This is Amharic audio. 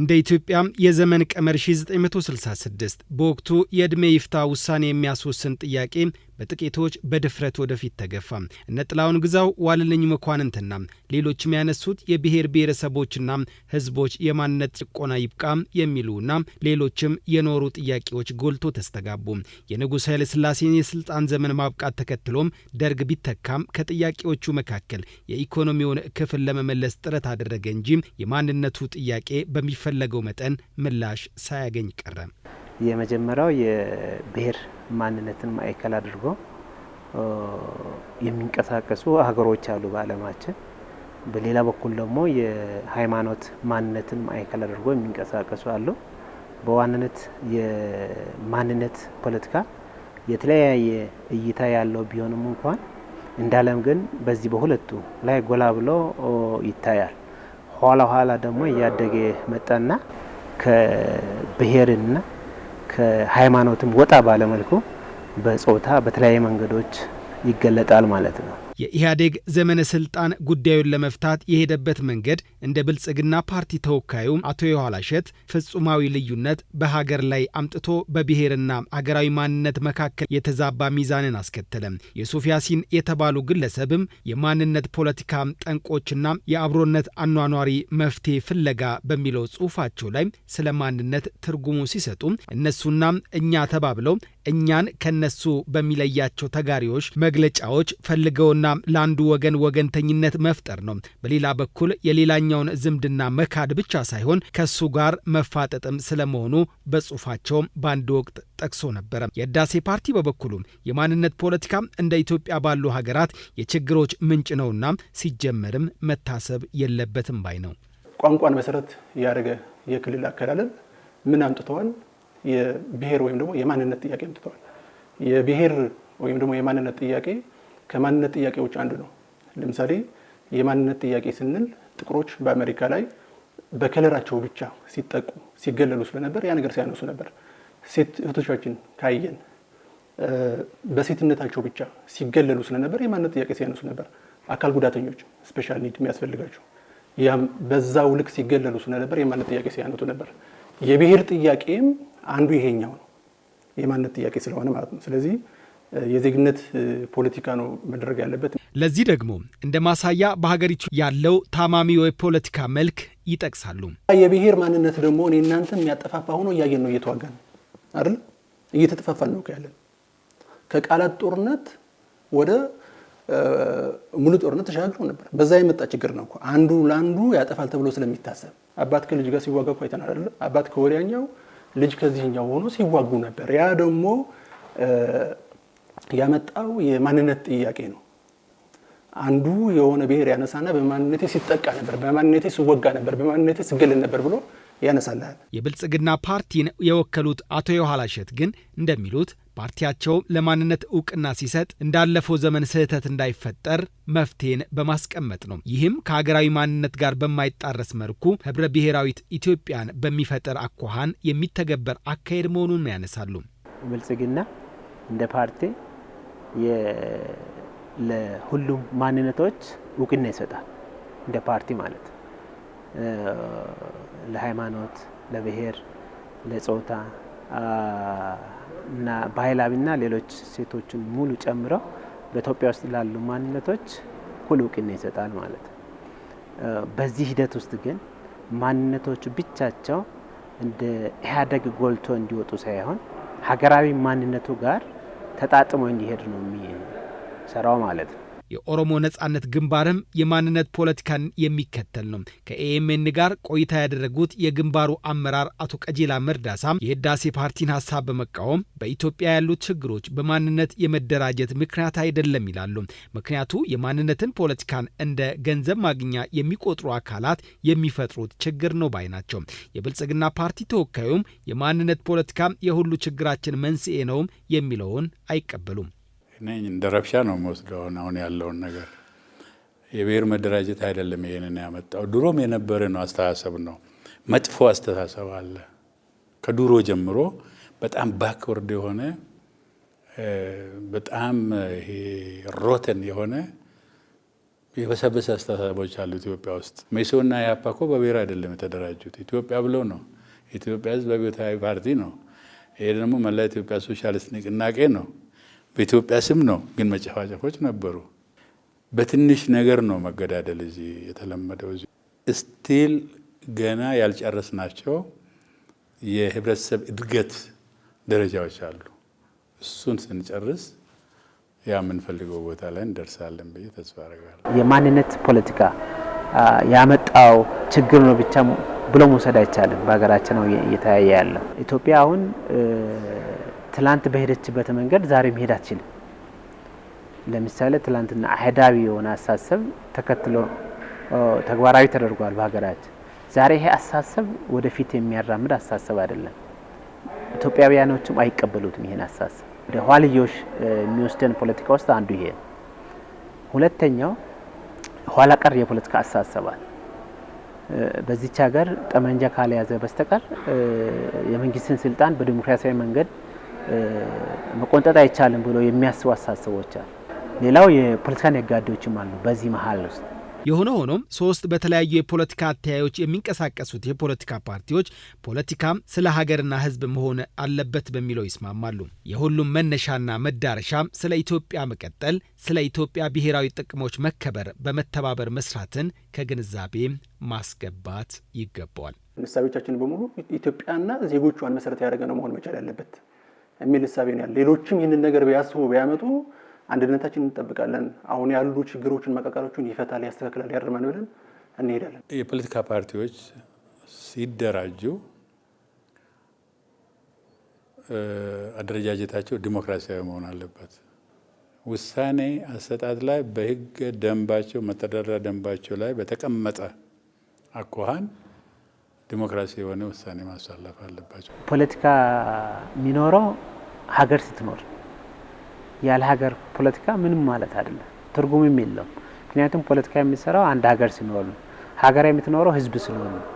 እንደ ኢትዮጵያ የዘመን ቀመር 1966 በወቅቱ የዕድሜ ይፍታ ውሳኔ የሚያስወስን ጥያቄ በጥቂቶች በድፍረት ወደፊት ተገፋ። እነ ጥላሁን ግዛው፣ ዋለልኝ መኳንንትና ሌሎችም ያነሱት የብሔር ብሔረሰቦችና ህዝቦች የማንነት ጭቆና ይብቃም የሚሉና ሌሎችም የኖሩ ጥያቄዎች ጎልቶ ተስተጋቡ። የንጉሥ ኃይለ ሥላሴን የስልጣን ዘመን ማብቃት ተከትሎም ደርግ ቢተካም ከጥያቄዎቹ መካከል የኢኮኖሚውን ክፍል ለመመለስ ጥረት አደረገ እንጂ የማንነቱ ጥያቄ በሚፈለገው መጠን ምላሽ ሳያገኝ ቀረ። የመጀመሪያው የብሔር ማንነትን ማዕከል አድርጎ የሚንቀሳቀሱ ሀገሮች አሉ በዓለማችን። በሌላ በኩል ደግሞ የሃይማኖት ማንነትን ማዕከል አድርጎ የሚንቀሳቀሱ አሉ። በዋንነት የማንነት ፖለቲካ የተለያየ እይታ ያለው ቢሆንም እንኳን እንዳለም ግን በዚህ በሁለቱ ላይ ጎላ ብሎ ይታያል። ኋላ ኋላ ደግሞ እያደገ መጣና ከብሔርና ከሃይማኖትም ወጣ ባለመልኩ በጾታ በተለያዩ መንገዶች ይገለጣል ማለት ነው። የኢህአዴግ ዘመነ ስልጣን ጉዳዩን ለመፍታት የሄደበት መንገድ እንደ ብልጽግና ፓርቲ ተወካዩም አቶ የኋላሸት ፍጹማዊ ልዩነት በሀገር ላይ አምጥቶ በብሔርና አገራዊ ማንነት መካከል የተዛባ ሚዛንን አስከተለም። ዩሱፍ ያሲን የተባሉ ግለሰብም የማንነት ፖለቲካ ጠንቆችና የአብሮነት አኗኗሪ መፍትሄ ፍለጋ በሚለው ጽሁፋቸው ላይ ስለ ማንነት ትርጉሙ ሲሰጡ እነሱና እኛ ተባብለው እኛን ከነሱ በሚለያቸው ተጋሪዎች መግለጫዎች ፈልገውና ለአንዱ ወገን ወገንተኝነት መፍጠር ነው። በሌላ በኩል የሌላኛውን ዝምድና መካድ ብቻ ሳይሆን ከሱ ጋር መፋጠጥም ስለመሆኑ በጽሁፋቸውም በአንድ ወቅት ጠቅሶ ነበረ። የህዳሴ ፓርቲ በበኩሉ የማንነት ፖለቲካ እንደ ኢትዮጵያ ባሉ ሀገራት የችግሮች ምንጭ ነውና ሲጀመርም መታሰብ የለበትም ባይ ነው። ቋንቋን መሰረት ያደረገ የክልል አከላለል ምን አምጥተዋል? የብሔር ወይም ደግሞ የማንነት ጥያቄ አምጥተዋል። የብሔር ወይም ደግሞ የማንነት ጥያቄ ከማንነት ጥያቄዎች አንዱ ነው። ለምሳሌ የማንነት ጥያቄ ስንል ጥቁሮች በአሜሪካ ላይ በከለራቸው ብቻ ሲጠቁ ሲገለሉ ስለነበር ያ ነገር ሲያነሱ ነበር። ሴት እህቶቻችን ካየን በሴትነታቸው ብቻ ሲገለሉ ስለነበር የማንነት ጥያቄ ሲያነሱ ነበር። አካል ጉዳተኞች ስፔሻል ኒድ የሚያስፈልጋቸው ያም በዛው ልክ ሲገለሉ ስለነበር የማንነት ጥያቄ ሲያነቱ ነበር። የብሔር ጥያቄም አንዱ ይሄኛው ነው፣ የማንነት ጥያቄ ስለሆነ ማለት ነው። ስለዚህ የዜግነት ፖለቲካ ነው መደረግ ያለበት። ለዚህ ደግሞ እንደ ማሳያ በሀገሪቱ ያለው ታማሚ የፖለቲካ መልክ ይጠቅሳሉ። የብሔር ማንነት ደግሞ እኔ እናንተ የሚያጠፋፋ ሆኖ እያየን ነው፣ እየተዋጋን ነው አይደል? እየተጠፋፋን ነው ያለን። ከቃላት ጦርነት ወደ ሙሉ ጦርነት ተሻግሮ ነበር። በዛ የመጣ ችግር ነው እኮ አንዱ ለአንዱ ያጠፋል ተብሎ ስለሚታሰብ አባት ከልጅ ጋር ሲዋጋ እኮ አይተናል አይደል? አባት ከወዲያኛው ልጅ ከዚህኛው ሆኖ ሲዋጉ ነበር። ያ ደግሞ ያመጣው የማንነት ጥያቄ ነው። አንዱ የሆነ ብሔር ያነሳና በማንነቴ ሲጠቃ ነበር፣ በማንነቴ ሲወጋ ነበር፣ በማንነቴ ሲገለል ነበር ብሎ ያነሳልሃል። የብልጽግና ፓርቲን የወከሉት አቶ የኋላሸት ግን እንደሚሉት ፓርቲያቸው ለማንነት እውቅና ሲሰጥ እንዳለፈው ዘመን ስህተት እንዳይፈጠር መፍትሄን በማስቀመጥ ነው። ይህም ከሀገራዊ ማንነት ጋር በማይጣረስ መልኩ ህብረ ብሔራዊት ኢትዮጵያን በሚፈጠር አኳኋን የሚተገበር አካሄድ መሆኑን ያነሳሉ። ብልጽግና እንደ ፓርቲ ለሁሉም ማንነቶች እውቅና ይሰጣል። እንደ ፓርቲ ማለት ለሃይማኖት፣ ለብሔር፣ ለጾታ እና ባህላዊና ሌሎች ሴቶችን ሙሉ ጨምረው በኢትዮጵያ ውስጥ ላሉ ማንነቶች ሁሉ እውቅና ይሰጣል ማለት ነው። በዚህ ሂደት ውስጥ ግን ማንነቶቹ ብቻቸው እንደ ኢህአዴግ ጎልቶ እንዲወጡ ሳይሆን ሀገራዊ ማንነቱ ጋር ተጣጥሞ እንዲሄድ ነው የሚሰራው ማለት ነው። የኦሮሞ ነጻነት ግንባርም የማንነት ፖለቲካን የሚከተል ነው። ከኤኤምኤን ጋር ቆይታ ያደረጉት የግንባሩ አመራር አቶ ቀጀላ መርዳሳም የህዳሴ ፓርቲን ሀሳብ በመቃወም በኢትዮጵያ ያሉት ችግሮች በማንነት የመደራጀት ምክንያት አይደለም ይላሉ። ምክንያቱ የማንነትን ፖለቲካን እንደ ገንዘብ ማግኛ የሚቆጥሩ አካላት የሚፈጥሩት ችግር ነው ባይ ናቸው። የብልጽግና ፓርቲ ተወካዩም የማንነት ፖለቲካ የሁሉ ችግራችን መንስኤ ነውም የሚለውን አይቀበሉም። እኔ እንደ ረብሻ ነው የምወስደውን አሁን ያለውን ነገር የብሔር መደራጀት አይደለም ይሄንን ያመጣው። ድሮም የነበረ ነው አስተሳሰብ ነው። መጥፎ አስተሳሰብ አለ ከዱሮ ጀምሮ በጣም ባክወርድ የሆነ በጣም ሮተን የሆነ የበሰበሰ አስተሳሰቦች አሉ ኢትዮጵያ ውስጥ። መኢሶንና ኢህአፓ እኮ በብሔር አይደለም የተደራጁት ኢትዮጵያ ብለው ነው። የኢትዮጵያ ህዝብ አብዮታዊ ፓርቲ ነው። ይሄ ደግሞ መላ ኢትዮጵያ ሶሻሊስት ንቅናቄ ነው። በኢትዮጵያ ስም ነው፣ ግን መጨፋጨፎች ነበሩ። በትንሽ ነገር ነው መገዳደል እዚህ የተለመደው። እዚህ እስቲል ገና ያልጨረስ ናቸው የህብረተሰብ እድገት ደረጃዎች አሉ። እሱን ስንጨርስ ያ የምንፈልገው ቦታ ላይ እንደርሳለን ብዬ ተስፋ አደርጋለሁ። የማንነት ፖለቲካ ያመጣው ችግር ነው ብቻ ብሎ መውሰድ አይቻልም። በሀገራችን ነው እየተያየ ያለው። ኢትዮጵያ አሁን ትላንት በሄደችበት መንገድ ዛሬ መሄድ አትችልም። ለምሳሌ ትላንትና አህዳዊ የሆነ አሳሰብ ተከትሎ ተግባራዊ ተደርጓል በሀገራችን። ዛሬ ይሄ አሳሰብ ወደፊት የሚያራምድ አሳሰብ አይደለም። ኢትዮጵያውያኖችም አይቀበሉትም ይሄን አሳሰብ። ወደ ኋልዮሽ የሚወስደን ፖለቲካ ውስጥ አንዱ ይሄ ነው። ሁለተኛው ኋላ ቀር የፖለቲካ አሳሰባል። በዚች ሀገር ጠመንጃ ካልያዘ በስተቀር የመንግስትን ስልጣን በዲሞክራሲያዊ መንገድ መቆንጠጥ አይቻልም ብሎ የሚያስቡ ሰዎች አሉ። ሌላው የፖለቲካ ነጋዴዎችም አሉ በዚህ መሀል ውስጥ። የሆነ ሆኖም ሶስት በተለያዩ የፖለቲካ አተያዮች የሚንቀሳቀሱት የፖለቲካ ፓርቲዎች ፖለቲካም ስለ ሀገርና ሕዝብ መሆን አለበት በሚለው ይስማማሉ። የሁሉም መነሻና መዳረሻም ስለ ኢትዮጵያ መቀጠል፣ ስለ ኢትዮጵያ ብሔራዊ ጥቅሞች መከበር በመተባበር መስራትን ከግንዛቤ ማስገባት ይገባዋል። እሳቤዎቻችን በሙሉ ኢትዮጵያና ዜጎቿን መሰረት ያደረገ ነው መሆን መቻል ያለበት። የሚል እሳቤ ነው ያለ። ሌሎችም ይህንን ነገር ቢያስቡ ቢያመጡ አንድነታችን እንጠብቃለን። አሁን ያሉ ችግሮችን መቀቀሎችን ይፈታል፣ ያስተካክላል፣ ያርማን ብለን እንሄዳለን። የፖለቲካ ፓርቲዎች ሲደራጁ አደረጃጀታቸው ዲሞክራሲያዊ መሆን አለበት። ውሳኔ አሰጣት ላይ በህገ ደንባቸው መተዳደሪያ ደንባቸው ላይ በተቀመጠ አኳኋን ዲሞክራሲ የሆነ ውሳኔ ማሳለፍ አለባቸው። ፖለቲካ የሚኖረው ሀገር ስትኖር፣ ያለ ሀገር ፖለቲካ ምንም ማለት አይደለም፣ ትርጉምም የለውም። ምክንያቱም ፖለቲካ የሚሰራው አንድ ሀገር ሲኖር ነው። ሀገር የምትኖረው ህዝብ ስለሆነ ነው።